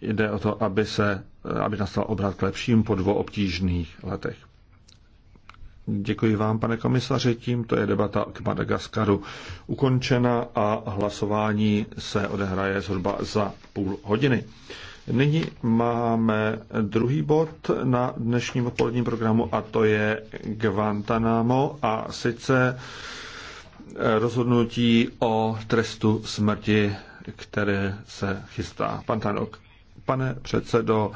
Jde o to, aby, se, aby nastal obrat k lepším po dvou obtížných letech. Děkuji vám, pane komisaři. Tímto je debata k Madagaskaru ukončena a hlasování se odehraje zhruba za půl hodiny. Nyní máme druhý bod na dnešním odpoledním programu a to je Guantanamo a sice rozhodnutí o trestu smrti, které se chystá. Pan Tanok. Pane předsedo,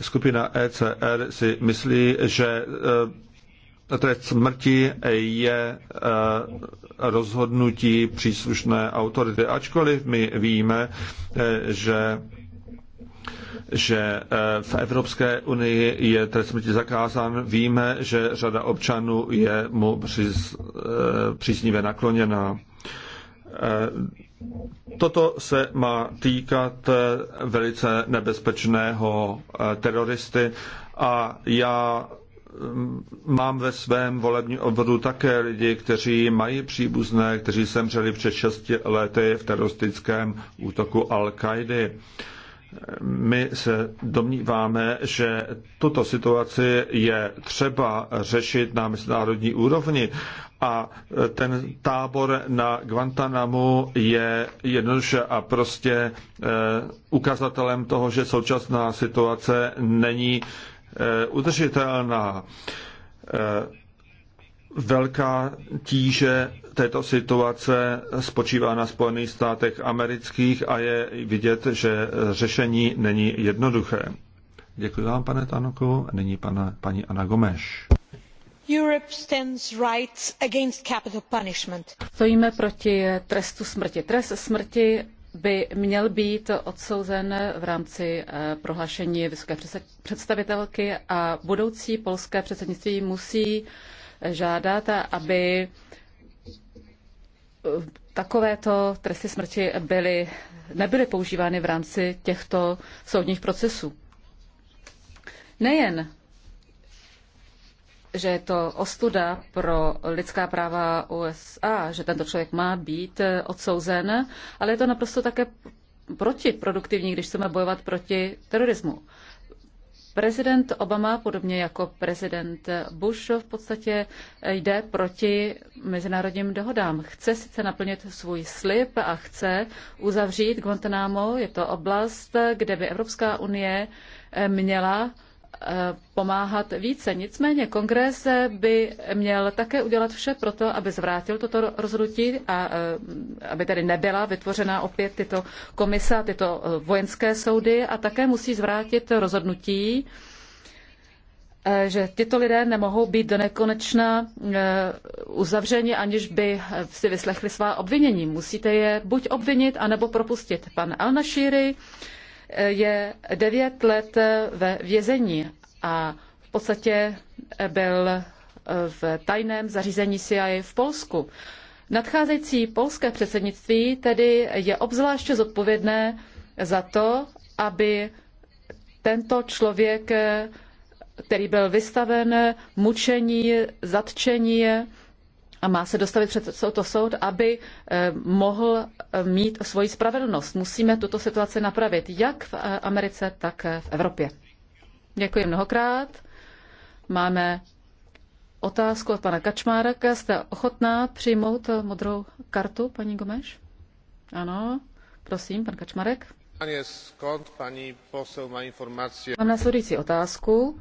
skupina ECR si myslí, že e, trest smrti je e, rozhodnutí příslušné autority. Ačkoliv my víme, e, že že v Evropské unii je trest smrti zakázán. Víme, že řada občanů je mu přiz, příznivě nakloněná. Toto se má týkat eh, velice nebezpečného eh, teroristy a já mm, mám ve svém volebním obvodu také lidi, kteří mají příbuzné, kteří zemřeli před 6 lety v teroristickém útoku Al-Kaidy. My se domníváme, že tuto situaci je třeba řešit na mezinárodní úrovni a ten tábor na Guantanamo je jednoduše a prostě eh, ukazatelem toho, že současná situace není eh, udržitelná eh, velká tíže této situace spočívá na Spojených státech amerických a je vidět, že řešení není jednoduché. Děkuji vám, pane Tanoku. Nyní pana, paní Ana Gomeš. Europe stands against capital punishment. Stojíme proti trestu smrti. Trest smrti by měl být odsouzen v rámci eh, prohlášení vysoké představitelky a budoucí polské předsednictví musí žádat, aby takovéto tresty smrti byly, nebyly používány v rámci těchto soudních procesů. Nejen, že je to ostuda pro lidská práva USA, že tento člověk má být eh, odsouzen, ale je to naprosto také protiproduktivní, když chceme bojovat proti terorismu. Prezident Obama, podobně jako prezident Bush, v podstatě jde proti mezinárodním dohodám. Chce sice naplnit svůj slib a chce uzavřít Guantanamo. Je to oblast, kde by Evropská unie měla pomáhat více. Nicméně kongres by měl také udělat vše pro to, aby zvrátil toto rozhodnutí a e, aby tedy nebyla vytvořena opět tyto komise a tyto e, vojenské soudy a také musí zvrátit rozhodnutí, e, že tyto lidé nemohou být do nekonečna uzavřeni, aniž by si vyslechli svá obvinění. Musíte je buď obvinit, anebo propustit. Pan Al-Nashiri je devět let ve vězení a v podstatě byl eh, v tajném zařízení CIA v Polsku. Nadcházející polské předsednictví tedy je obzvláště zodpovědné za to, aby tento člověk, eh, který byl vystaven mučení, zatčení, a má se dostavit před to soud, aby eh, mohl eh, mít svoji spravedlnost. Musíme tuto situaci napravit jak v eh, Americe, tak v Evropě. Děkuji mnohokrát. Máme otázku od pana Kačmáraka. Jste ochotná přijmout modrou kartu, paní Gomeš? Ano, prosím, pan Kačmarek. Skąd Paní posel má informaci. Mám následující otázku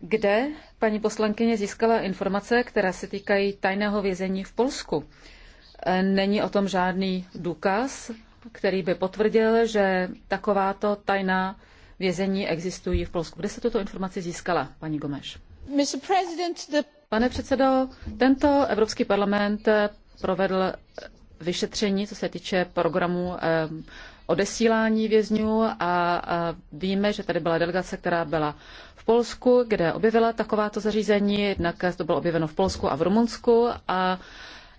kde paní poslankyně získala informace, které se týkají tajného vězení v Polsku. Není o tom žádný důkaz, který by potvrdil, že takováto tajná vězení existují v Polsku. Kde se tuto informaci získala, paní Gomeš? Pane předsedo, tento Evropský parlament provedl vyšetření, co se týče programu eh, odesílání vězňů a víme, že tady byla delegace, která byla v Polsku, kde objevila takováto zařízení, jednak to bylo objeveno v Polsku a v Rumunsku a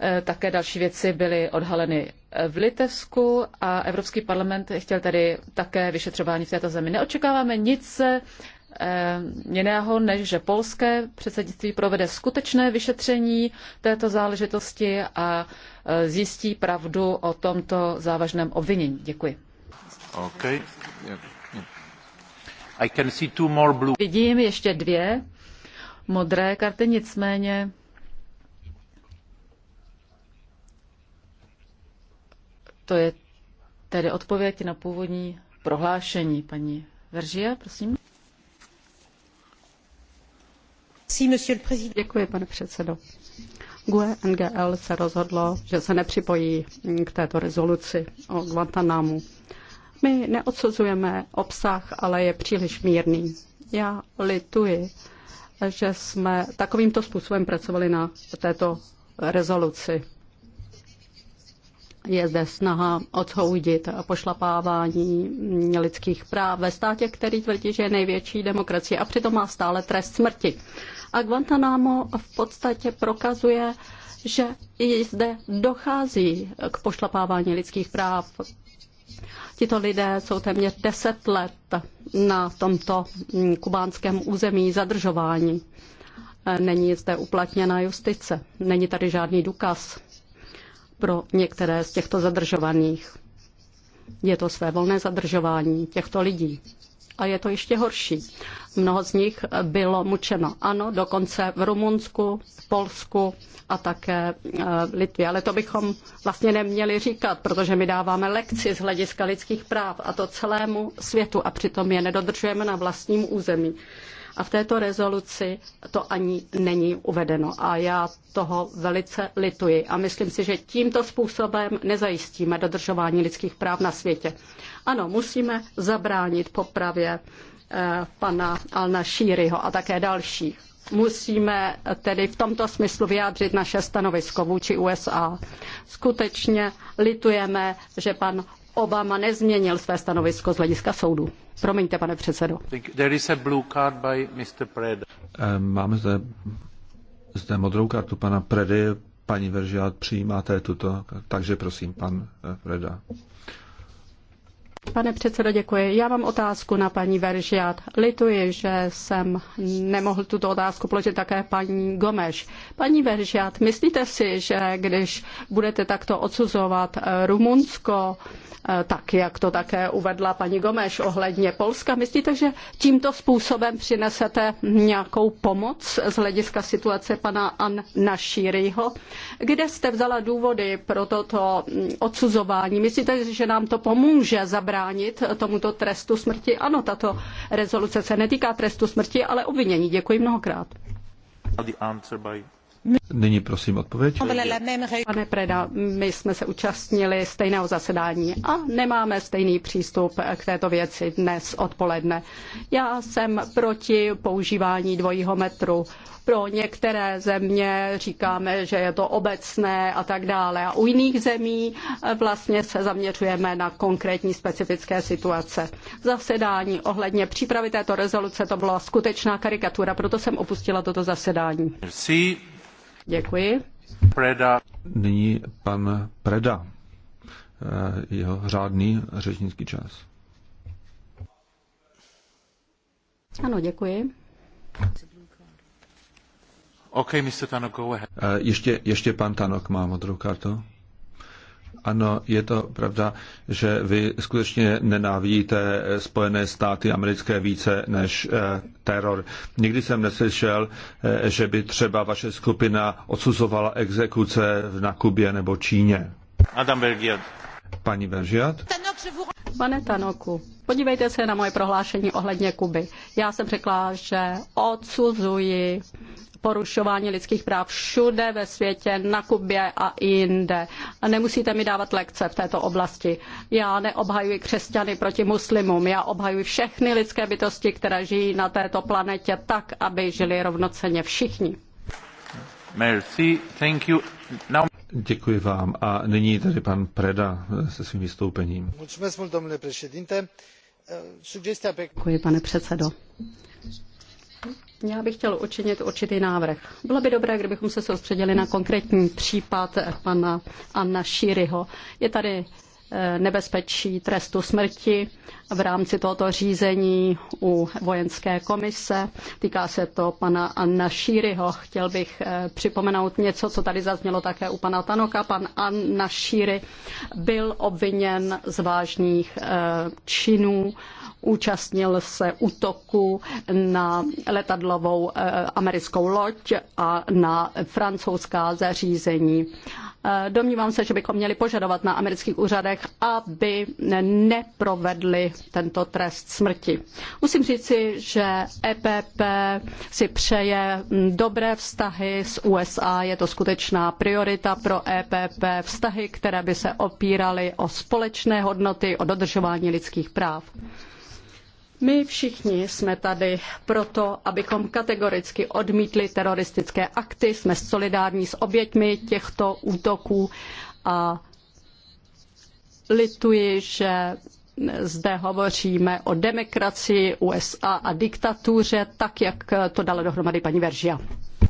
e, také další věci byly odhaleny e, v Litevsku a Evropský parlament chtěl tedy také vyšetřování v této zemi. Neočekáváme nic Eh, jiného, než že polské předsednictví provede skutečné vyšetření této záležitosti a eh, zjistí pravdu o tomto závažném obvinění. Děkuji. Okay. Yeah. I can see two more blue. Vidím ještě dvě modré karty, nicméně to je tedy odpověď na původní prohlášení. Paní Veržia, prosím. Děkuji, pane předsedo. GUE NGL se rozhodlo, že se nepřipojí k této rezoluci o Guantanamu. My neodsuzujeme obsah, ale je příliš mírný. Já lituji, že jsme takovýmto způsobem pracovali na této rezoluci. Je zde snaha odsoudit pošlapávání lidských práv ve státě, který tvrdí, že je největší demokracie a přitom má stále trest smrti. A Guantanamo v podstatě prokazuje, že i zde dochází k pošlapávání lidských práv. Tito lidé jsou téměř deset let na tomto mm, kubánském území zadržování. Není zde uplatněna justice, není tady žádný důkaz pro některé z těchto zadržovaných. Je to své volné zadržování těchto lidí a je to ještě horší. Mnoho z nich bylo mučeno. Ano, dokonce v Rumunsku, v Polsku a také eh, v Litvě. Ale to bychom vlastně neměli říkat, protože my dáváme lekci z hlediska lidských práv a to celému světu a přitom je nedodržujeme na vlastním území. A v této rezoluci to ani není uvedeno. A já toho velice lituji. A myslím si, že tímto způsobem nezajistíme dodržování lidských práv na světě. Ano, musíme zabránit popravě eh, pana Al-Nashíryho a také dalších. Musíme tedy v tomto smyslu vyjádřit naše stanovisko vůči USA. Skutečně litujeme, že pan Obama nezměnil své stanovisko z hlediska soudu. Promiňte, pane předsedo. Ehm, máme zde, zde modrou kartu pana Predy. Paní Veržiát, přijímáte tuto, takže prosím, pan eh, Preda. Pane předsedo, děkuji. Já mám otázku na paní Veržiat. Lituji, že jsem nemohl tuto otázku položit také paní Gomeš. Paní Veržiat, myslíte si, že když budete takto odsuzovat eh, Rumunsko, eh, tak jak to také uvedla paní Gomeš ohledně Polska, myslíte, že tímto způsobem přinesete nějakou pomoc z hlediska situace pana An Šíryho? Kde jste vzala důvody pro toto mm, odsuzování? Myslíte, že nám to pomůže zabezpečit zabránit tomuto trestu smrti. Ano, tato rezoluce se netýká trestu smrti, ale obvinění. Děkuji mnohokrát. Nyní prosím odpověď. Pane Preda, my jsme se účastnili stejného zasedání a nemáme stejný přístup k této věci dnes odpoledne. Já jsem proti používání dvojího metru pro některé země říkáme, že je to obecné a tak dále. A u jiných zemí eh, vlastně se zaměřujeme na konkrétní specifické situace. Zasedání ohledně přípravy této rezoluce to byla skutečná karikatura, proto jsem opustila toto zasedání. Merci. Děkuji. Preda. Nyní pan Preda. Eh, jeho řádný řečnický čas. Ano, děkuji. Okay, Mr. Tanok, go ahead. Ještě, ještě pan Tanok má modrou kartu. Ano, je to pravda, že vy skutečně nenávidíte Spojené státy americké více než eh, teror. Nikdy jsem neslyšel, eh, že by třeba vaše skupina odsuzovala exekuce na Kubě nebo Číně. Adam Bergiat. Paní Bergiat. Pane Tanoku, podívejte se na moje prohlášení ohledně Kuby. Já jsem řekla, že odsuzuji porušování lidských práv všude ve světě, na Kubě a i jinde. A nemusíte mi dávat lekce v této oblasti. Já neobhajuji křesťany proti muslimům, já obhajuji všechny lidské bytosti, které žijí na této planetě tak, aby žili rovnoceně všichni. Merci, thank you. Now... Děkuji vám. A nyní tady pan Preda se svým vystoupením. Děkuji, pane předsedo. Já bych chtěl učinit určitý návrh. Bylo by dobré, kdybychom se soustředili na konkrétní případ pana Anna Šíryho. Je tady eh, nebezpečí trestu smrti v rámci tohoto řízení u vojenské komise. Týká se to pana Anna Šíryho. Chtěl bych eh, připomenout něco, co tady zaznělo také u pana Tanoka. Pan Anna Šíry byl obviněn z vážných eh, činů účastnil se útoku na letadlovou eh, americkou loď a na francouzská zařízení. Eh, domnívám se, že bychom měli požadovat na amerických úřadech, aby neprovedli tento trest smrti. Musím říci, že EPP si přeje dobré vztahy s USA. Je to skutečná priorita pro EPP. Vztahy, které by se opíraly o společné hodnoty, o dodržování lidských práv. My všichni jsme tady proto, abychom kategoricky odmítli teroristické akty, jsme solidární s oběťmi těchto útoků a lituji, že zde hovoříme o demokracii USA a diktatuře, tak jak to dala dohromady paní Veržia.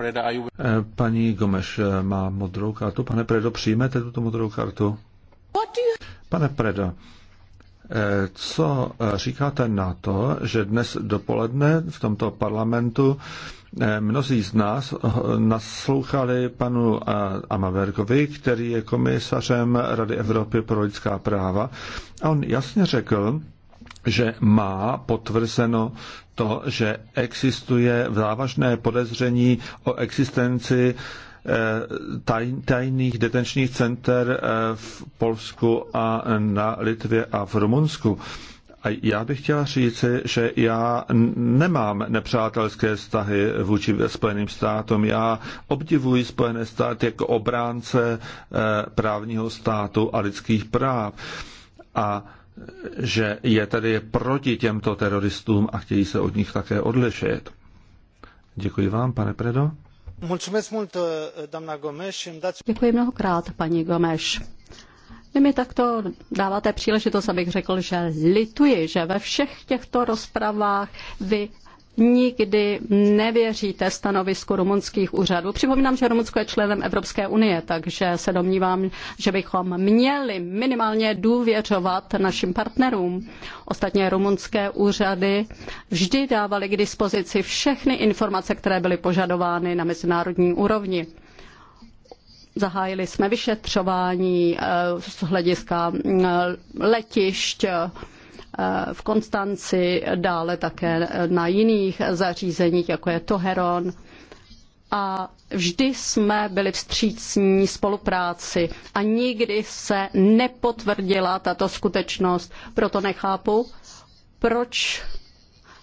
Eh, paní Gomeš eh, má modrou kartu. Pane Predo, přijmete tuto modrou kartu? Pane Predo, co říkáte na to, že dnes dopoledne v tomto parlamentu eh, mnozí z nás naslouchali panu eh, Amaverkovi, který je komisařem Rady Evropy pro lidská práva a on jasně řekl, že má potvrzeno to, že existuje závažné podezření o existenci Eh, tajných detenčních center eh, v Polsku a na Litvě a v Rumunsku. A já bych chtěla říci, že já nemám nepřátelské vztahy vůči Spojeným státům. Já obdivuji Spojené státy jako obránce eh, právního státu a lidských práv. A že je tedy proti těmto teroristům a chtějí se od nich také odlišit. Děkuji vám, pane Predo. Uh, Děkuji mnohokrát, paní Gomes. Vy mi takto dáváte příležitost, abych řekl, že lituji, že ve všech těchto rozpravách vy nikdy nevěříte stanovisku rumunských úřadů. Připomínám, že Rumunsko je členem Evropské unie, takže se domnívám, že bychom měli minimálně důvěřovat našim partnerům. Ostatně rumunské úřady vždy dávaly k dispozici všechny informace, které byly požadovány na mezinárodní úrovni. Zahájili jsme vyšetřování eh, z hlediska eh, letišť, Eh, v Konstanci, dále také na jiných zařízeních, jako je Toheron. A vždy jsme byli vstřícní spolupráci a nikdy se nepotvrdila tato skutečnost. Proto nechápu, proč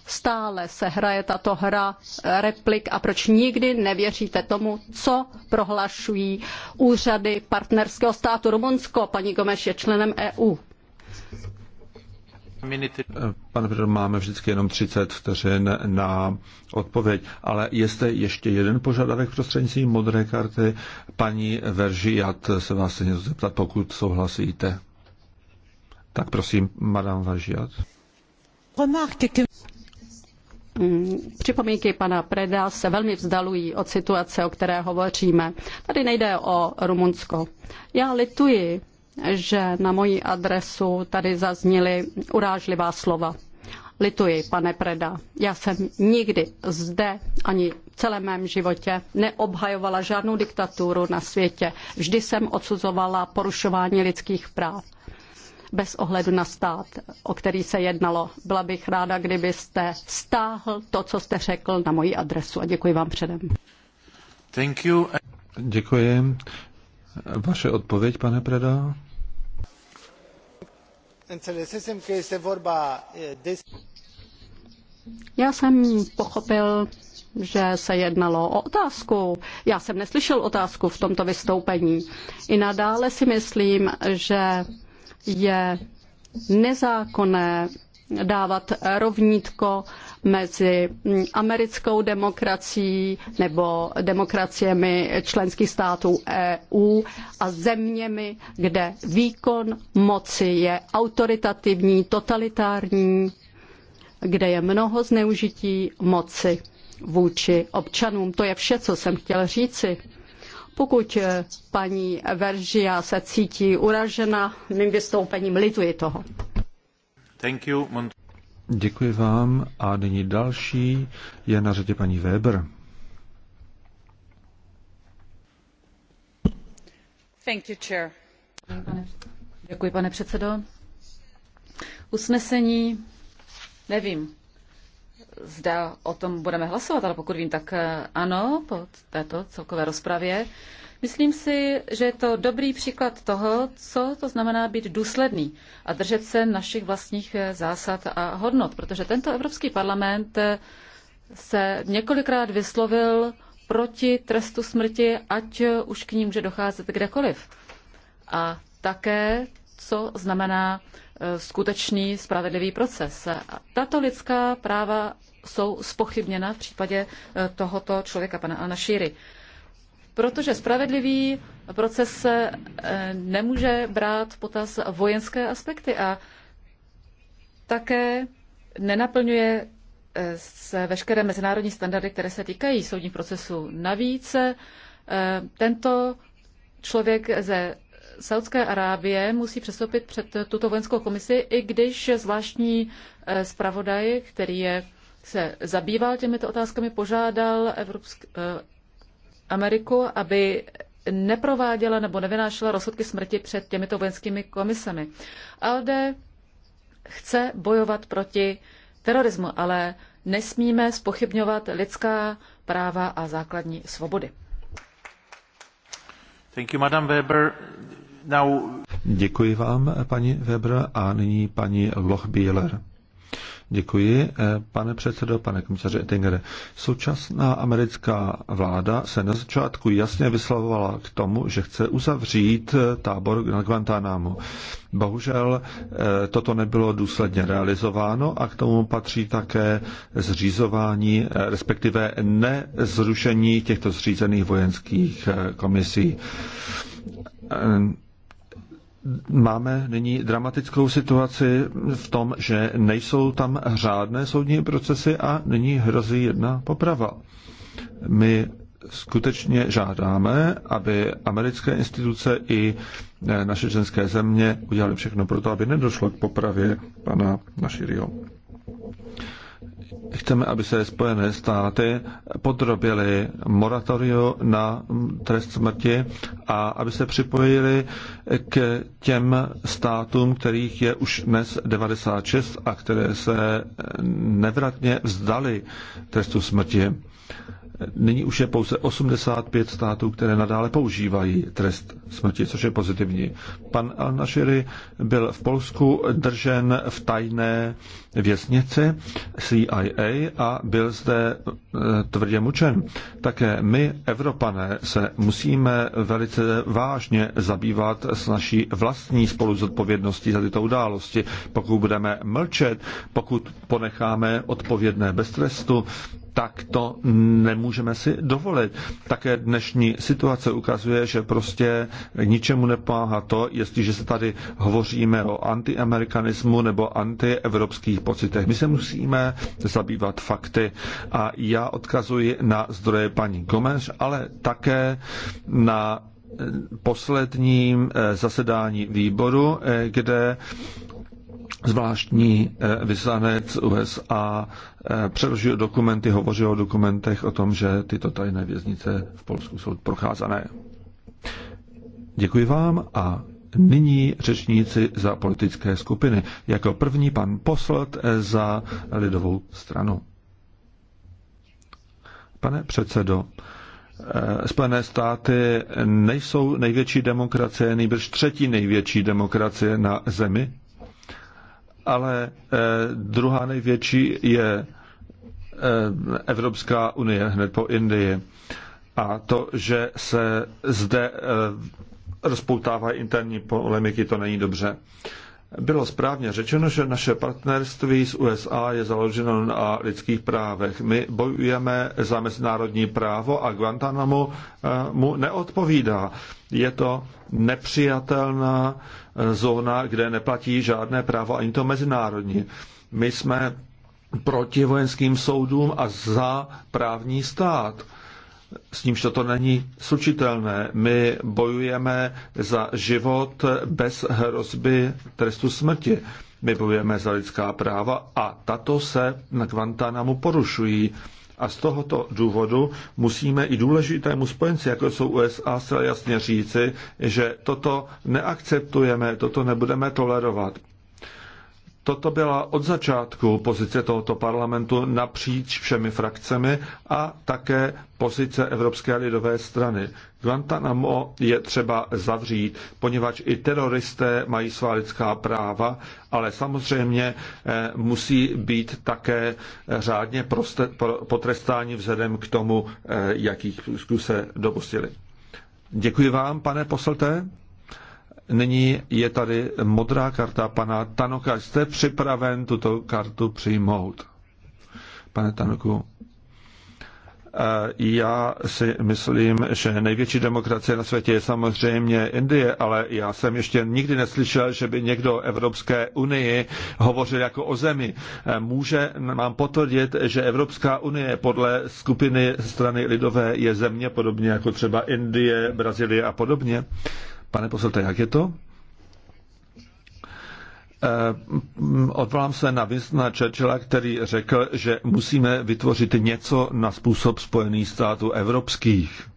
stále se hraje tato hra replik a proč nikdy nevěříte tomu, co prohlašují úřady partnerského státu. Rumunsko, paní Gomeš, je členem EU. Minuty. Pane předsedo, máme vždycky jenom 30 vteřin na odpověď, ale jestli ještě jeden požadavek prostřednictvím modré karty, paní já se vás chce něco zeptat, pokud souhlasíte. Tak prosím, madame Veržiat. Mm, připomínky pana Preda se velmi vzdalují od situace, o které hovoříme. Tady nejde o Rumunsko. Já lituji, že na moji adresu tady zazněly urážlivá slova. Lituji, pane Preda, já jsem nikdy zde ani v celém mém životě neobhajovala žádnou diktaturu na světě. Vždy jsem odsuzovala porušování lidských práv bez ohledu na stát, o který se jednalo. Byla bych ráda, kdybyste stáhl to, co jste řekl na moji adresu a děkuji vám předem. Thank you. Děkuji. Vaše odpověď, pane Preda? înțelesesem că este vorba e, despre... Já jsem pochopil, že se jednalo o otázku. Já jsem neslyšel otázku v tomto vystoupení. I nadále si myslím, že je nezákonné dávat rovnítko uh, mezi mm, americkou demokracií nebo demokraciemi členských států EU a zeměmi, kde výkon moci je autoritativní, totalitární, kde je mnoho zneužití moci vůči občanům. To je vše, co jsem chtěl říci. Pokud eh, paní Veržia se cítí uražena mým vystoupením, lituji toho. Thank you, Děkuji vám a nyní další je na řadě paní Weber. Thank you, chair. Děkuji, pane předsedo. Usnesení, nevím, zda o tom budeme hlasovat, ale pokud vím, tak eh, ano, po této celkové rozpravě. Myslím si, že je to dobrý příklad toho, co to znamená být důsledný a držet se našich vlastních eh, zásad a hodnot, protože tento Evropský parlament eh, se několikrát vyslovil proti trestu smrti, ať eh, už k ní může docházet kdekoliv. A také, co znamená skutečný spravedlivý proces. tato lidská práva jsou spochybněna v případě tohoto člověka, pana Alnašíry protože spravedlivý proces se eh, nemůže brát v potaz vojenské aspekty a také nenaplňuje eh, se veškeré mezinárodní standardy, které se týkají soudních procesů. Navíc eh, tento člověk ze Saudské Arábie musí přestoupit před tuto vojenskou komisi, i když zvláštní zpravodaj, který je, se zabýval těmito otázkami, požádal Evropsk, Ameriku, aby neprováděla nebo nevynášela rozsudky smrti před těmito vojenskými komisemi. ALDE chce bojovat proti terorismu, ale nesmíme spochybňovat lidská práva a základní svobody. Thank you, Madam Weber. Now... Děkuji vám, paní Weber, a nyní paní Lochbieler. Děkuji, eh, pane předsedo, pane komisaře Ettingere. Současná americká vláda se na začátku jasně vyslovovala k tomu, že chce uzavřít eh, tábor na Guantánamu. Bohužel eh, toto nebylo důsledně realizováno a k tomu patří také zřizování, respektive nezrušení těchto zřízených vojenských komisí máme nyní dramatickou situaci v tom, že nejsou tam řádné soudní procesy a nyní hrozí jedna poprava. My skutečně žádáme, aby americké instituce i eh, naše ženské země udělali všechno pro to, aby nedošlo k popravě pana Naširiho. Chceme, aby se Spojené státy podrobily moratoriu na trest smrti a aby se připojili k těm státům, kterých je už dnes 96 a které se nevratně vzdali trestu smrti. Nyní už je pouze 85 států, které nadále používají trest smrti, což je pozitivní. Pan Al-Nashiri byl v Polsku držen v tajné věznici CIA a byl zde e, tvrdě mučen. Také my, Evropané, se musíme velice vážně zabývat s naší vlastní zodpovědností za tyto události. Pokud budeme mlčet, pokud ponecháme odpovědné bez trestu, tak to nemůžeme si dovolit. Také dnešní situace ukazuje, že prostě ničemu nepomáhá to, jestliže se tady hovoříme o antiamerikanismu nebo antievropských pocitech. My se musíme zabývat fakty a já odkazuji na zdroje paní Gomeš, ale také na posledním eh, zasedání výboru, eh, kde zvláštní eh, vyslanec USA eh, přeložil dokumenty, hovořil o dokumentech o tom, že tyto tajné věznice v Polsku jsou procházané. Děkuji vám a nyní řečníci za politické skupiny. Jako první pan poslat eh, za lidovou stranu. Pane předsedo, Spojené státy nejsou největší demokracie, nejbrž třetí největší demokracie na zemi ale eh, druhá největší je eh, Evropská unie hned po Indii. A to, že se zde eh, rozpoutávají interní polemiky, to není dobře. Bylo správně řečeno, že naše partnerství s USA je založeno na lidských právech. My bojujeme za mezinárodní právo a Guantanamo mu neodpovídá. Je to nepřijatelná zóna, kde neplatí žádné právo, ani to mezinárodní. My jsme proti vojenským soudům a za právní stát. S nímž toto není slučitelné. My bojujeme za život bez hrozby trestu smrti. My bojujeme za lidská práva a tato se na Guantánamu porušují. A z tohoto důvodu musíme i důležitému spojenci, jako jsou USA, se jasně říci, že toto neakceptujeme, toto nebudeme tolerovat. Toto byla od začátku pozice tohoto parlamentu napříč všemi frakcemi a také pozice Evropské lidové strany. Guantanamo je třeba zavřít, poněvadž i teroristé mají svá lidská práva, ale samozřejmě eh, musí být také řádně potrestáni vzhledem k tomu, eh, jakých se dopustili. Děkuji vám, pane poselte. Nyní je tady modrá karta pana Tanoka. Jste připraven tuto kartu přijmout? Pane Tanoku, eh, já si myslím, že největší demokracie na světě je samozřejmě Indie, ale já jsem ještě nikdy neslyšel, že by někdo o Evropské unii hovořil jako o zemi. Eh, může nám potvrdit, že Evropská unie podle skupiny strany lidové je země, podobně jako třeba Indie, Brazílie a podobně. Pane poslete, jak je to? Eh, odvolám se na Winstona Churchilla, který řekl, že musíme vytvořit něco na způsob Spojených států evropských.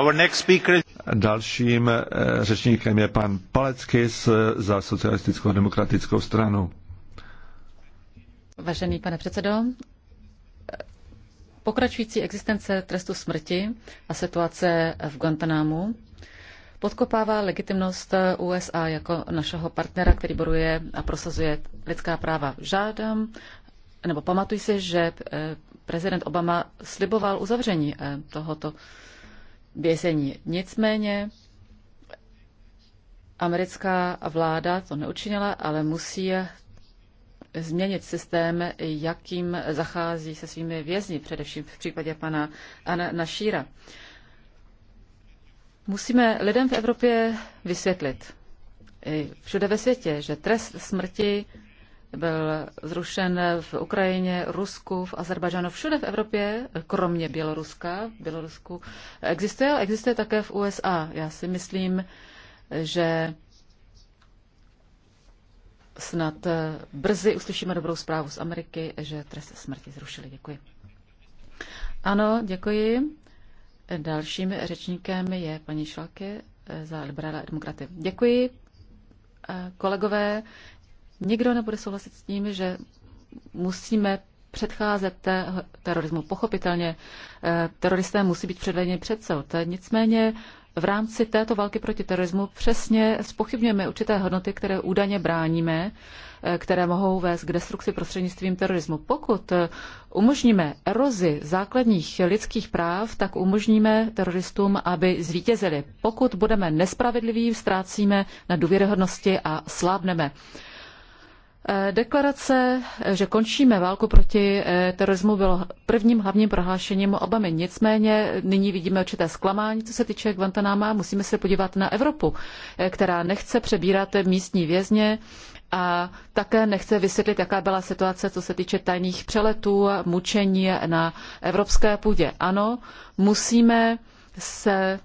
Our next speaker... Dalším eh, řečníkem je pan Palecky eh, za socialistickou demokratickou stranu. Vážený pane předsedo, pokračující existence trestu smrti a situace v Guantanámu podkopává legitimnost USA jako našeho partnera, který boruje a prosazuje lidská práva. Žádám, nebo pamatuj si, že eh, prezident Obama sliboval uzavření eh, tohoto vězení. Nicméně americká vláda to neučinila, ale musí změnit systém, jakým zachází se svými vězni, především v případě pana Anna Našíra. Musíme lidem v Evropě vysvětlit, všude ve světě, že trest smrti byl zrušen v Ukrajině, Rusku, v Azerbajdžánu, všude v Evropě, kromě Běloruska. V Bělorusku existuje, ale existuje také v USA. Já si myslím, že snad eh, brzy uslyšíme dobrou zprávu z Ameriky, že trest smrti zrušili. Děkuji. Ano, děkuji. Dalším řečníkem je paní Šlaky eh, za liberále a demokraty. Děkuji. Eh, kolegové, nikdo nebude souhlasit s tím, že musíme předcházet terorismu. Pochopitelně teroristé musí být předvedeni před soud. Nicméně v rámci této války proti terorismu přesně spochybňujeme určité hodnoty, které údajně bráníme, eh, které mohou vést k destrukci prostřednictvím terorismu. Pokud eh, umožníme erozi základních lidských práv, tak umožníme teroristům, aby zvítězili. Pokud budeme nespravedliví, ztrácíme na důvěryhodnosti a slábneme. Eh, deklarace, eh, že končíme válku proti eh, terorismu, bylo prvním hlavním prohlášením Obamy. Nicméně nyní vidíme určité zklamání, co se týče Guantanáma. Musíme se podívat na Evropu, která nechce přebírat místní vězně a také nechce vysvětlit, jaká byla situace, co se týče tajných přeletů, mučení na evropské půdě. Ano, musíme se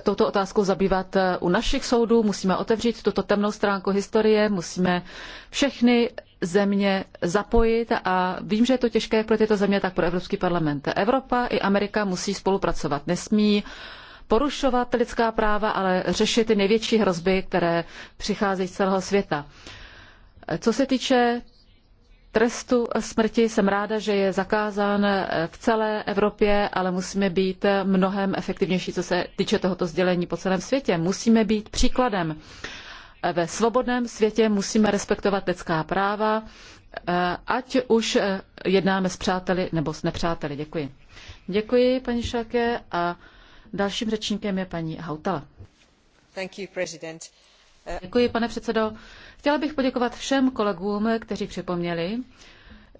touto otázkou zabývat eh, u našich soudů, musíme otevřít tuto temnou stránku historie, musíme všechny země zapojit a vím, že je to těžké jak pro tyto země, tak pro Evropský parlament. Evropa i Amerika musí spolupracovat. Nesmí porušovat lidská práva, ale řešit ty největší hrozby, které přicházejí z celého světa. Eh, co se týče trestu smrti. Jsem ráda, že je zakázán v celé Evropě, ale musíme být mnohem efektivnější, co se týče tohoto sdělení po celém světě. Musíme být příkladem. Ve svobodném světě musíme respektovat lidská práva, ať už jednáme s přáteli nebo s nepřáteli. Děkuji. Děkuji, paní Šake, a dalším řečníkem je paní Hautala. You, Děkuji, pane předsedo. Chtěla bych poděkovat všem kolegům, kteří připomněli,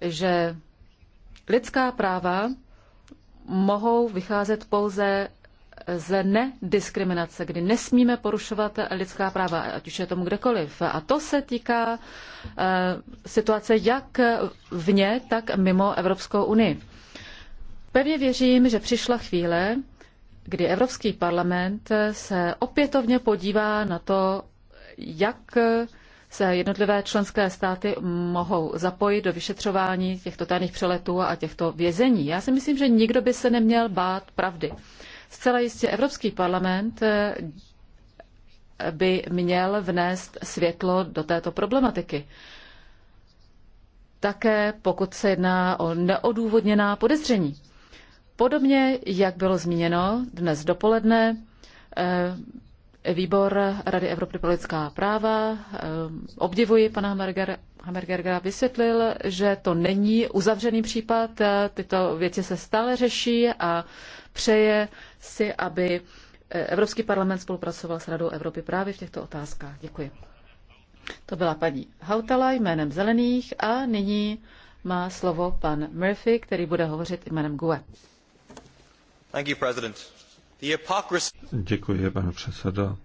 že lidská práva mohou vycházet pouze z nediskriminace, kdy nesmíme porušovat lidská práva, ať už je tomu kdekoliv. A to se týká eh, situace jak vně, tak mimo Evropskou unii. Pevně věřím, že přišla chvíle, kdy Evropský parlament se opětovně podívá na to, jak se jednotlivé členské státy mohou zapojit do vyšetřování těchto tajných přeletů a těchto vězení. Já si myslím, že nikdo by se neměl bát pravdy. Zcela jistě Evropský parlament eh, by měl vnést světlo do této problematiky. Také pokud se jedná o neodůvodněná podezření. Podobně, jak bylo zmíněno dnes dopoledne, eh, výbor Rady Evropy pro lidská práva. Ehm, obdivuji pana Hammergergera, vysvětlil, že to není uzavřený případ, eh, tyto věci se stále řeší a přeje si, aby eh, Evropský parlament spolupracoval s Radou Evropy právě v těchto otázkách. Děkuji. To byla paní Hautala jménem Zelených a nyní má slovo pan Murphy, který bude hovořit jménem GUE. Thank you, President. Děkuji, pane předsedo.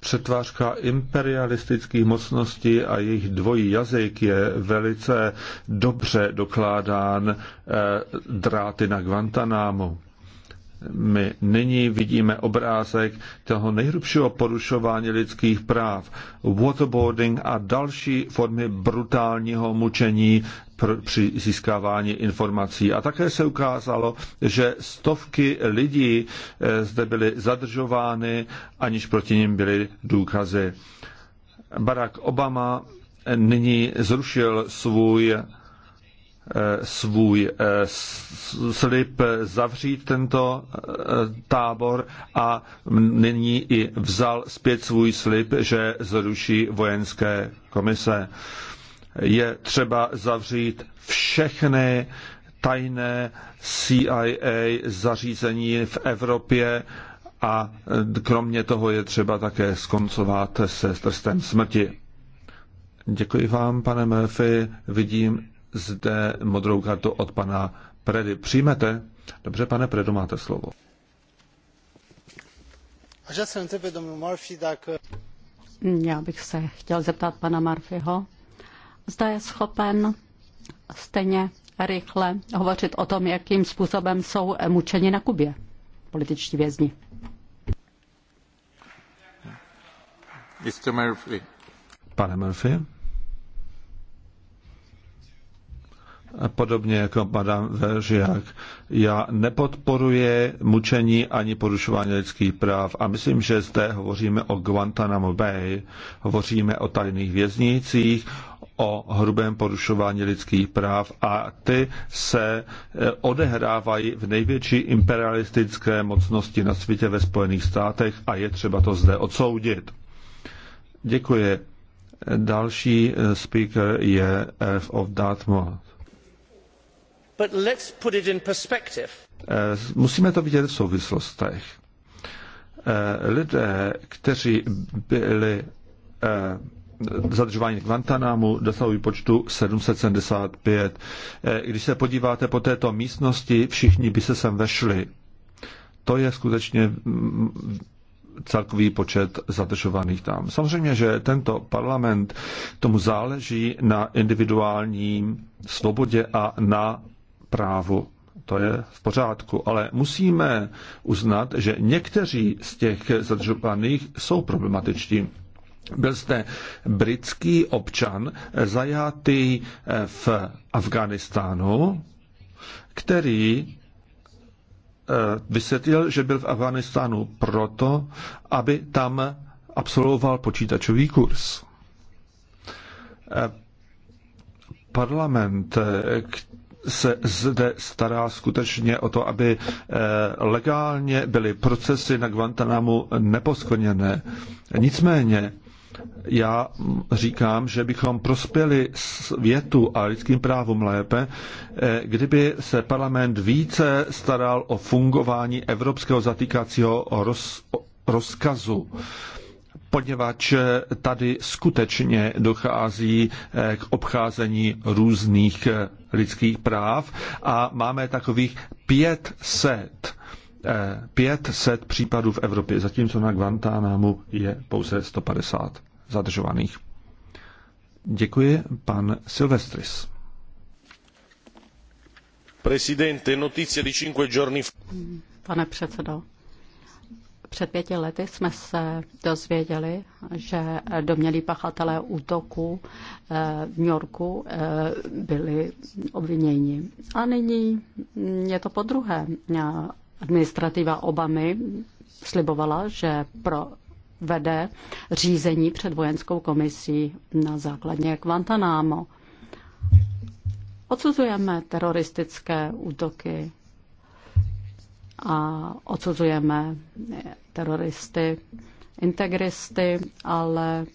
Přetvářka imperialistických mocností a jejich dvojí jazyk je velice dobře dokládán eh, dráty na Guantanámu my nyní vidíme obrázek toho nejhrubšího porušování lidských práv, waterboarding a další formy brutálního mučení při získávání informací. A také se ukázalo, že stovky lidí eh, zde byly zadržovány, aniž proti nim byly důkazy. Barack Obama nyní zrušil svůj Eh, svůj eh, slib zavřít tento eh, tábor a nyní i vzal zpět svůj slib, že zruší vojenské komise. Je třeba zavřít všechny tajné CIA zařízení v Evropě a kromě toho je třeba také skoncovat se trstem smrti. Děkuji vám, pane Murphy. Vidím, zde modrou kartu od pana Predy. Přijmete? Dobře, pane Predu, máte slovo. Já bych se chtěl zeptat pana Murphyho, zda je schopen stejně rychle hovořit o tom, jakým způsobem jsou mučeni na Kubě političtí vězni. Mr. Murphy. Pane Murphy. podobně jako Madame Veržiak. Já nepodporuji mučení ani porušování lidských práv a myslím, že zde hovoříme o Guantanamo Bay, hovoříme o tajných věznicích, o hrubém porušování lidských práv a ty se eh, odehrávají v největší imperialistické mocnosti na světě ve Spojených státech a je třeba to zde odsoudit. Děkuji. Další eh, speaker je Earth of Dartmouth but let's put it in perspective. Eh, musíme to vidět v souvislostech. Eh, lidé, kteří byli eh, zadržování v Guantanámu dosahují počtu 775. Když se podíváte po této místnosti, všichni by se sem vešli. To je skutečně mm, celkový počet zadržovaných tam. Samozřejmě, že tento parlament tomu záleží na individuální svobodě a na právu. To je v pořádku, ale musíme uznat, že někteří z těch zadržovaných jsou problematičtí. Byl jste britský občan zajatý eh, v Afganistánu, který eh, vysvětlil, že byl v Afganistánu proto, aby tam absolvoval počítačový kurz. Eh, parlament, se zde stará skutečně o to, aby eh, legálně byly procesy na Guantanamu neposkvrněné. Nicméně, já říkám, že bychom prospěli světu a lidským právům lépe, eh, kdyby se parlament více staral o fungování evropského zatýkacího roz, rozkazu poněvadž tady skutečně dochází eh, k obcházení různých eh, lidských práv a máme takových 500 500 eh, případů v Evropě, zatímco na Guantánamu je pouze 150 zadržovaných. Děkuji, pan Silvestris. Presidente, notizie di cinque giorni fa. Pane předsedo, před pěti lety jsme se dozvěděli, že domělí pachatelé útoku eh, v New Yorku eh, byli obviněni. A nyní je to po druhé. Administrativa Obamy slibovala, že pro vede řízení před vojenskou komisí na základně Guantanamo. Odsuzujeme teroristické útoky a odsuzujeme teroristy, integristy, ale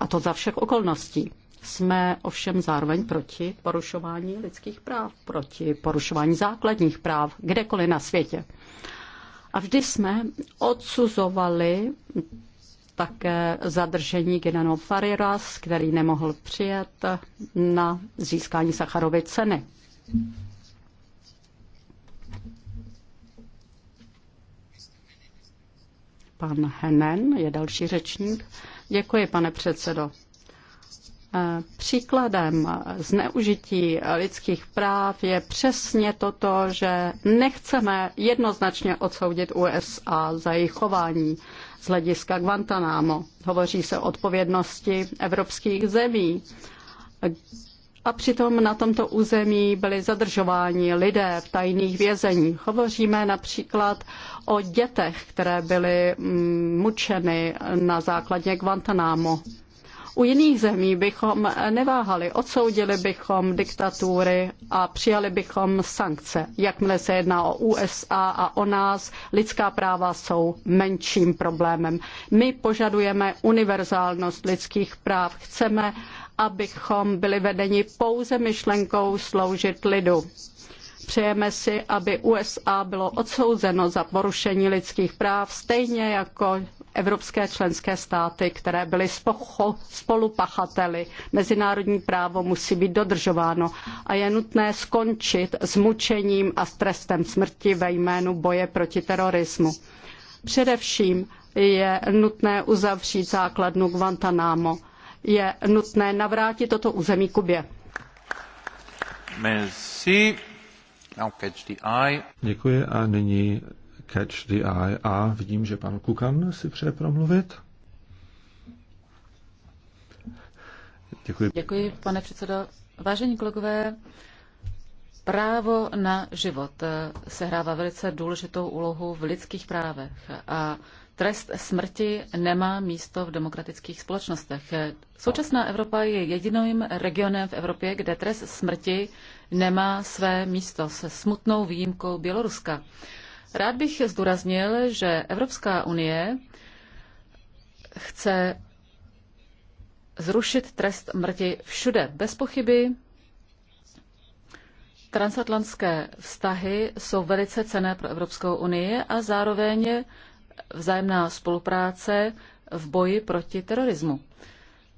a to za všech okolností. Jsme ovšem zároveň proti porušování lidských práv, proti porušování základních práv kdekoliv na světě. A vždy jsme odsuzovali také zadržení Genano Fariras, který nemohl přijet na získání Sacharovy ceny. Pan Henen je další řečník. Děkuji, pane předsedo. Eh, příkladem zneužití lidských práv je přesně toto, že nechceme jednoznačně odsoudit USA za jejich chování z hlediska Guantanamo. Hovoří se o odpovědnosti evropských zemí a přitom na tomto území byli zadržováni lidé v tajných vězeních. Hovoříme například o dětech, které byly mm, mučeny na základě Guantanamo. U jiných zemí bychom neváhali, odsoudili bychom diktatury a přijali bychom sankce. Jakmile se jedná o USA a o nás, lidská práva jsou menším problémem. My požadujeme univerzálnost lidských práv. Chceme, abychom byli vedeni pouze myšlenkou sloužit lidu. Přejeme si, aby USA bylo odsouzeno za porušení lidských práv, stejně jako evropské členské státy, které byly spolupachateli. Mezinárodní právo musí být dodržováno a je nutné skončit s mučením a s trestem smrti ve jménu boje proti terorismu. Především je nutné uzavřít základnu Guantanamo je nutné navrátit toto území Kubě. Merci. Now catch the eye. Děkuji a nyní catch the eye a vidím, že pan Kukan si přeje promluvit. Děkuji. Děkuji, pane předsedo. Vážení kolegové, právo na život sehrává velice důležitou úlohu v lidských právech a Trest smrti nemá místo v demokratických společnostech. Současná Evropa je jediným regionem v Evropě, kde trest smrti nemá své místo se smutnou výjimkou Běloruska. Rád bych zdůraznil, že Evropská unie chce zrušit trest smrti všude. Bez pochyby transatlantské vztahy jsou velice cené pro Evropskou unii a zároveň vzájemná spolupráce v boji proti terorismu.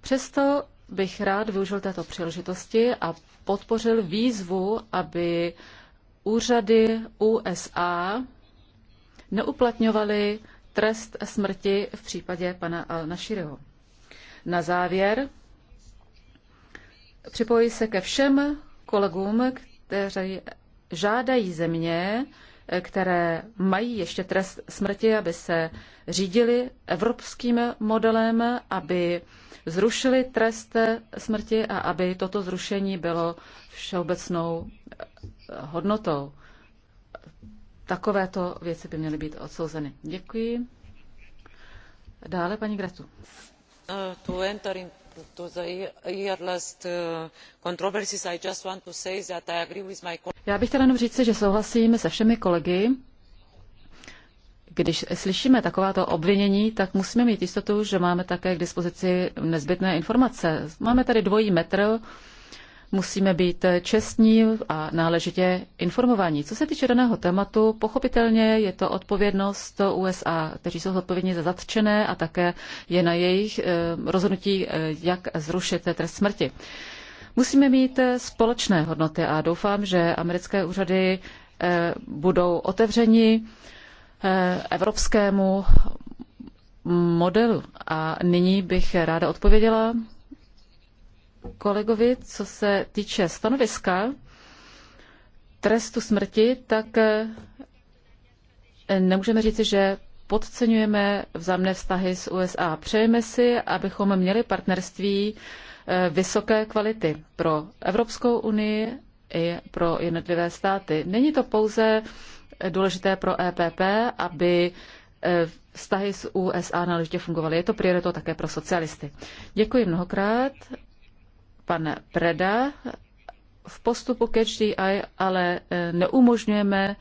Přesto bych rád využil této příležitosti a podpořil výzvu, aby úřady USA neuplatňovaly trest smrti v případě pana Al-Nashiriho. Na závěr připojí se ke všem kolegům, kteří žádají země, které mají ještě trest smrti, aby se řídili evropským modelem, aby zrušili trest smrti a aby toto zrušení bylo všeobecnou eh, hodnotou. Takovéto věci by měly být odsouzeny. Děkuji. Dále paní Gratu. Uh, to the uh, controversies i just want to say that i agree with my já bych chtěla jenom říci, že souhlasím se všemi kolegy. Když slyšíme takováto obvinění, tak musíme mít jistotu, že máme také k dispozici nezbytné informace. Máme tady dvojí metr, musíme být čestní a náležitě informovaní. Co se týče daného tématu, pochopitelně je to odpovědnost USA, kteří jsou odpovědní za zatčené a také je na jejich eh, rozhodnutí, eh, jak zrušit trest smrti. Musíme mít eh, společné hodnoty a doufám, že americké úřady budou otevřeni evropskému modelu. A nyní bych ráda odpověděla kolegovi, co se týče stanoviska trestu smrti, tak eh, nemůžeme říci, že podceňujeme vzájemné vztahy s USA. Přejeme si, abychom měli partnerství eh, vysoké kvality pro Evropskou unii i pro jednotlivé státy. Není to pouze důležité pro EPP, aby eh, vztahy s USA náležitě fungovaly. Je to prioritou také pro socialisty. Děkuji mnohokrát pan Preda. V postupu ke the ale e, neumožňujeme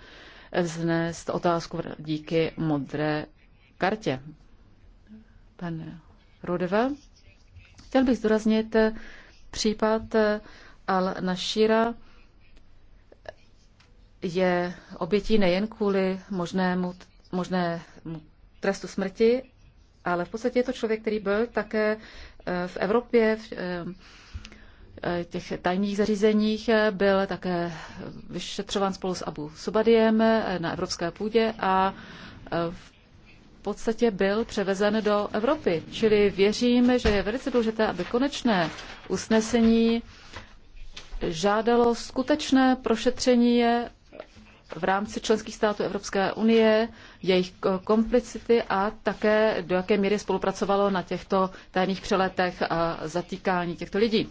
vznést otázku díky modré kartě. Pan Rodeva, chtěl bych zdůraznit případ Al-Nashira je obětí nejen kvůli možnému, možnému trestu smrti, ale v podstatě je to člověk, který byl také e, v Evropě, v, e, těch tajných zařízeních eh, byl také vyšetřován spolu s Abu Subadiem eh, na evropské půdě a eh, v podstatě byl převezen do Evropy. Čili věřím, že je velice důležité, aby konečné usnesení žádalo skutečné prošetření v rámci členských států Evropské unie, jejich komplicity a také do jaké míry spolupracovalo na těchto tajných přeletech a zatýkání těchto lidí.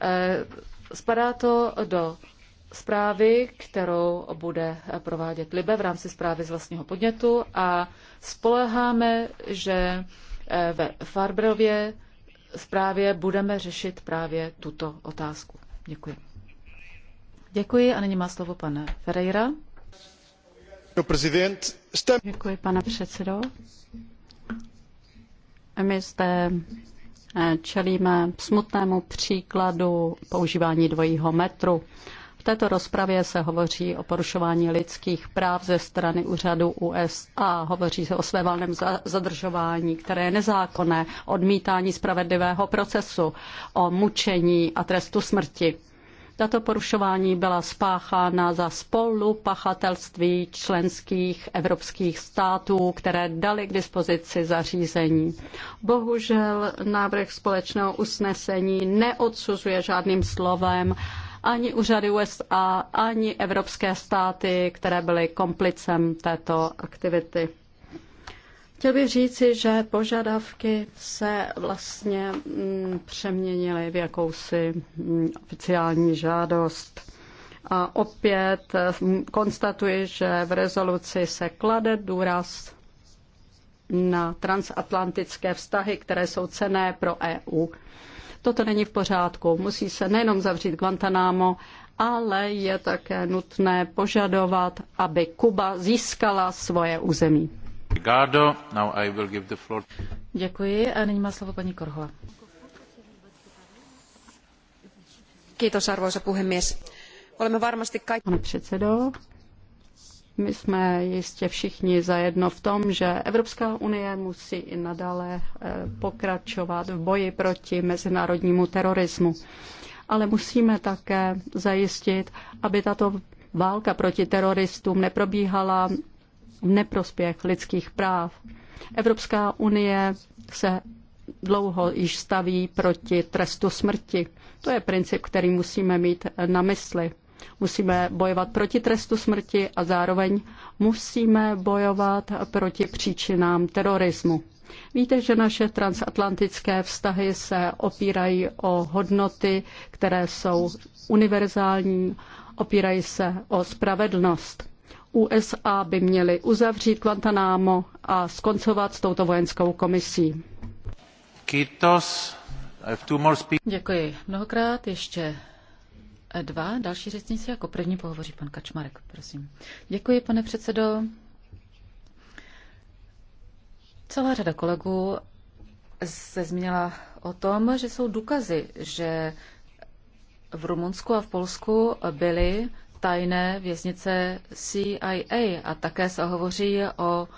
Eh, spadá to do zprávy, kterou bude provádět Libe v rámci zprávy z vlastního podnětu a spoleháme, že eh, ve Farbrově zprávě budeme řešit právě tuto otázku. Děkuji. Děkuji a nyní má slovo pan Ferreira. Děkuji, pane předsedo. My jste Eh, čelíme smutnému příkladu používání dvojího metru. V této rozpravě se hovoří o porušování lidských práv ze strany úřadu USA. Hovoří se o své valném zadržování, které je nezákonné, odmítání spravedlivého procesu, o mučení a trestu smrti. Tato porušování byla spáchána za spolupachatelství členských evropských států, které dali k dispozici zařízení. Bohužel návrh společného usnesení neodsuzuje žádným slovem ani úřady USA, ani evropské státy, které byly komplicem této aktivity. Chtěl bych říci, že požadavky se vlastně mm, přeměnily v jakousi mm, oficiální žádost. A opět mm, konstatuji, že v rezoluci se klade důraz na transatlantické vztahy, které jsou cené pro EU. Toto není v pořádku. Musí se nejenom zavřít Guantanamo, ale je také nutné požadovat, aby Kuba získala svoje území arvoisa puhemies. Olemme varmasti kaikki... Pane předsedo, my jsme jistě všichni zajedno v tom, že Evropská unie musí i nadále eh, pokračovat v boji proti mezinárodnímu terorismu. Ale musíme také zajistit, aby tato válka proti teroristům neprobíhala v neprospěch lidských práv. Evropská unie se dlouho již staví proti trestu smrti. To je princip, který musíme mít na mysli. Musíme bojovat proti trestu smrti a zároveň musíme bojovat proti příčinám terorismu. Víte, že naše transatlantické vztahy se opírají o hodnoty, které jsou univerzální, opírají se o spravedlnost. USA by měly uzavřít Guantanamo a skoncovat s touto vojenskou komisí. Děkuji mnohokrát. Ještě dva další řečníci. Jako první pohovoří pan Kačmarek, prosím. Děkuji, pane předsedo. Celá řada kolegů se zmínila o tom, že jsou důkazy, že v Rumunsku a v Polsku byly tajné věznice CIA a také se hovoří o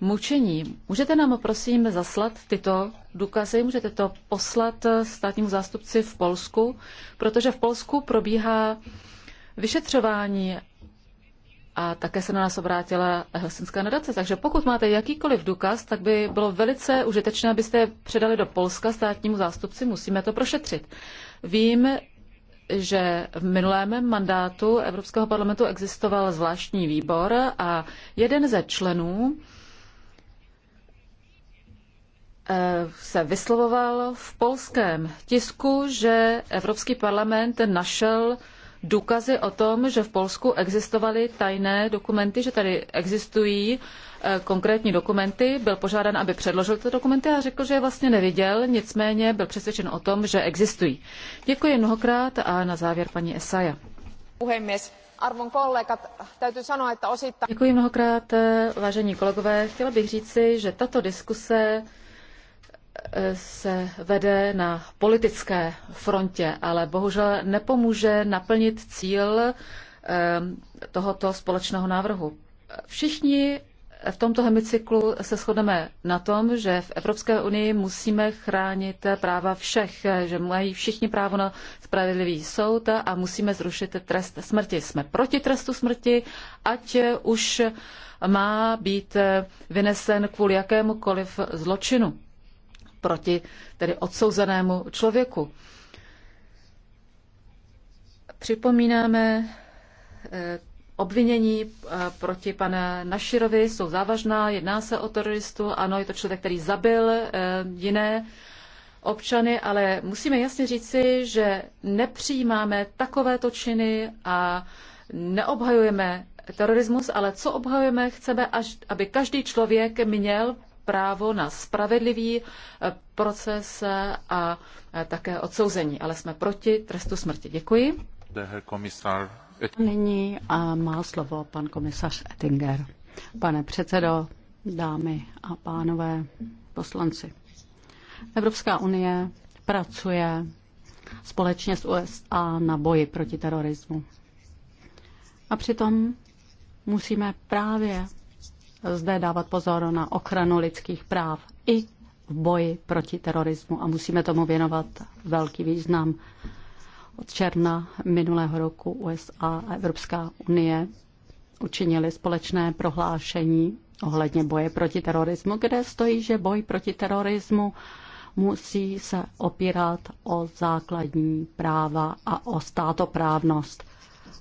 mučení. Můžete nám prosím zaslat tyto důkazy, můžete to poslat státnímu zástupci v Polsku, protože v Polsku probíhá vyšetřování a také se na nás obrátila Helsinská nadace. Takže pokud máte jakýkoliv důkaz, tak by bylo velice užitečné, abyste je předali do Polska státnímu zástupci. Musíme to prošetřit. Vím, že v minulém mandátu Evropského parlamentu existoval zvláštní výbor a jeden ze členů eh, se vyslovoval v polském tisku, že Evropský parlament našel důkazy o tom, že v Polsku existovaly tajné dokumenty, že tady existují Eh, konkrétní dokumenty, byl požádán, aby předložil tyto dokumenty a řekl, že je vlastně neviděl, nicméně byl přesvědčen o tom, že existují. Děkuji mnohokrát a na závěr paní Esaja. Puhemies. Arvon kollegat, täytyy sanoa, että osittain... Děkuji mnohokrát, eh, vážení kolegové. Chtěla bych říci, že tato diskuse eh, se vede na politické frontě, ale bohužel nepomůže naplnit cíl tohoto společného návrhu. Všichni v tomto hemicyklu se shodneme na tom, že v Evropské unii musíme chránit práva všech, že mají všichni právo na spravedlivý soud a musíme zrušit trest smrti. Jsme proti trestu smrti, ať už má být vynesen kvůli jakémukoliv zločinu proti tedy odsouzenému člověku. Připomínáme eh, obvinění eh, proti pane Naširovi jsou závažná, jedná se o teroristu, ano, je to člověk, který zabil eh, jiné občany, ale musíme jasně říci, že nepřijímáme takovéto činy a neobhajujeme terorismus, ale co obhajujeme, chceme, až, aby každý člověk měl právo na spravedlivý eh, proces a také odsouzení. Ale jsme proti trestu smrti. Děkuji. Herr Kommissar Nyní a má slovo pan komisař Ettinger. Pane předsedo, dámy a pánové poslanci. Evropská unie pracuje společně s USA na boji proti terorismu. A přitom musíme právě zde dávat pozor na ochranu lidských práv i v boji proti terorismu a musíme tomu věnovat velký význam. Od června minulého roku USA a Evropská unie učinili společné prohlášení ohledně boje proti terorismu, kde stojí, že boj proti terorismu musí se opírat o základní práva a o státoprávnost.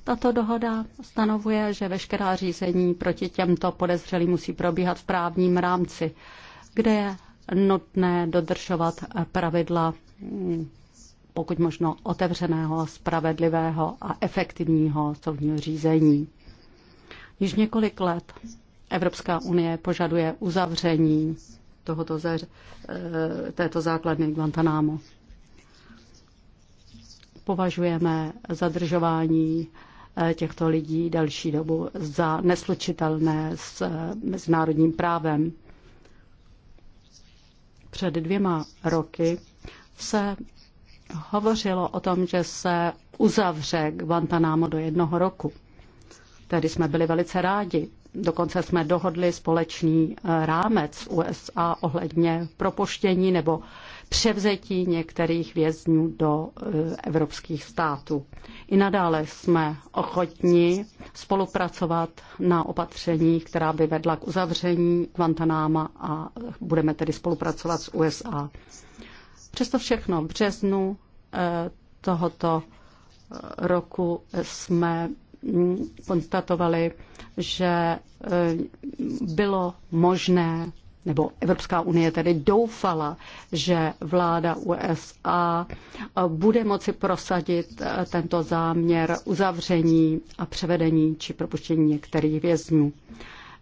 Tato dohoda stanovuje, že veškerá řízení proti těmto podezřelým musí probíhat v právním rámci, kde je nutné dodržovat pravidla mm, pokud možno otevřeného, spravedlivého a efektivního soudního řízení. Již několik let Evropská unie požaduje uzavření tohoto ze, eh, této základny Guantanamo. Považujeme zadržování eh, těchto lidí další dobu za neslučitelné s eh, mezinárodním právem. Před dvěma roky se hovořilo o tom, že se uzavře Guantanamo do jednoho roku. Tedy jsme byli velice rádi. Dokonce jsme dohodli společný eh, rámec USA ohledně propoštění nebo převzetí některých vězňů do eh, evropských států. I nadále jsme ochotni spolupracovat na opatření, která by vedla k uzavření Guantanáma a budeme tedy spolupracovat s USA. Přesto všechno v březnu eh, tohoto eh, roku jsme mm, konstatovali, že eh, bylo možné, nebo Evropská unie tedy doufala, že vláda USA bude moci prosadit tento záměr uzavření a převedení či propuštění některých vězňů.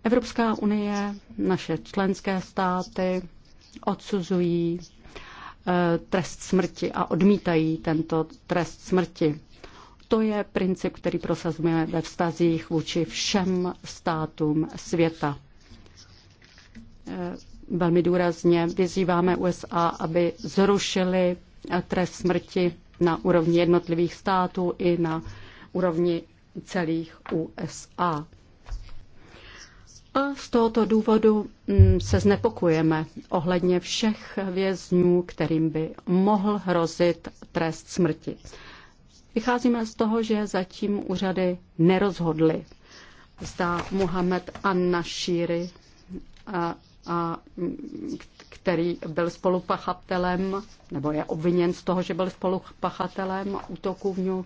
Evropská unie, naše členské státy odsuzují Eh, trest smrti a odmítají tento trest smrti. To je princip, který prosazujeme ve vztazích vůči všem státům světa. Eh, velmi důrazně vyzýváme USA, aby zrušili eh, trest smrti na úrovni jednotlivých států i na úrovni celých USA. A z tohoto důvodu mm, se znepokujeme ohledně všech vězňů, kterým by mohl hrozit trest smrti. Vycházíme z toho, že zatím úřady nerozhodly, zda Mohamed An-Nashiri, a, a, který byl spolupachatelem, nebo je obviněn z toho, že byl spolupachatelem útoku v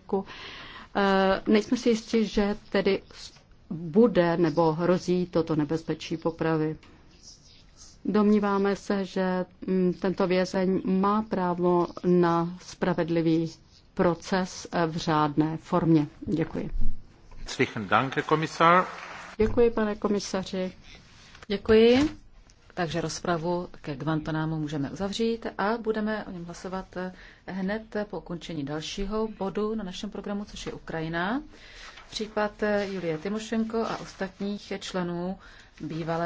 e, nejsme si jistí, že tedy bude nebo hrozí toto nebezpečí popravy. Domníváme se, že mm, tento vězeň má právo na spravedlivý proces eh, v řádné formě. Děkuji. Děkuji, pane komisaři. Děkuji. Takže rozpravu ke Guantanámu můžeme uzavřít a budeme o něm hlasovat eh, hned po ukončení dalšího bodu na našem programu, což je Ukrajina případ eh, Julie Timošenko a ostatních členů bývalé